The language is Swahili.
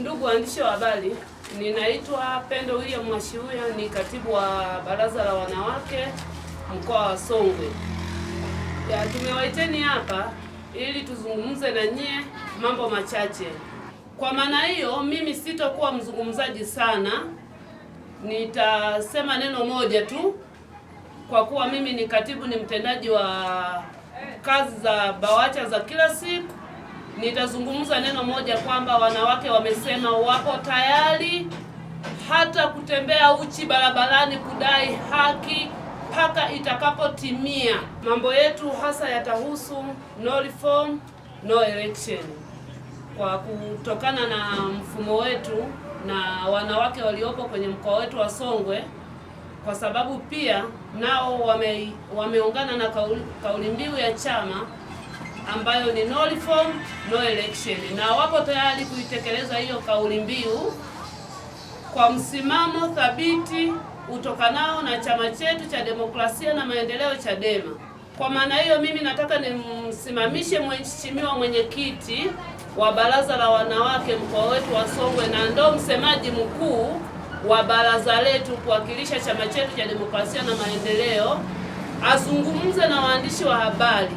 Ndugu waandishi wa habari, ninaitwa Pendo William Mwashiuya, ni katibu wa baraza la wanawake mkoa wa Songwe. Tumewaiteni hapa ili tuzungumze na nyie mambo machache. Kwa maana hiyo, mimi sitokuwa mzungumzaji sana, nitasema neno moja tu, kwa kuwa mimi ni katibu, ni mtendaji wa kazi za BAWACHA za kila siku nitazungumza neno moja kwamba wanawake wamesema wako tayari hata kutembea uchi barabarani kudai haki mpaka itakapotimia. Mambo yetu hasa yatahusu no reform no election, kwa kutokana na mfumo wetu na wanawake waliopo kwenye mkoa wetu wa Songwe, kwa sababu pia nao wame, wameungana na kauli, kauli mbiu ya chama ambayo ni no reform no election, na wapo tayari kuitekeleza hiyo kauli mbiu kwa msimamo thabiti utokanao na chama chetu cha demokrasia na maendeleo CHADEMA. Kwa maana hiyo, mimi nataka nimsimamishe mheshimiwa mwenyekiti wa baraza la wanawake mkoa wetu wa Songwe na ndo msemaji mkuu wa baraza letu kuwakilisha chama chetu cha demokrasia na maendeleo azungumze na waandishi wa habari.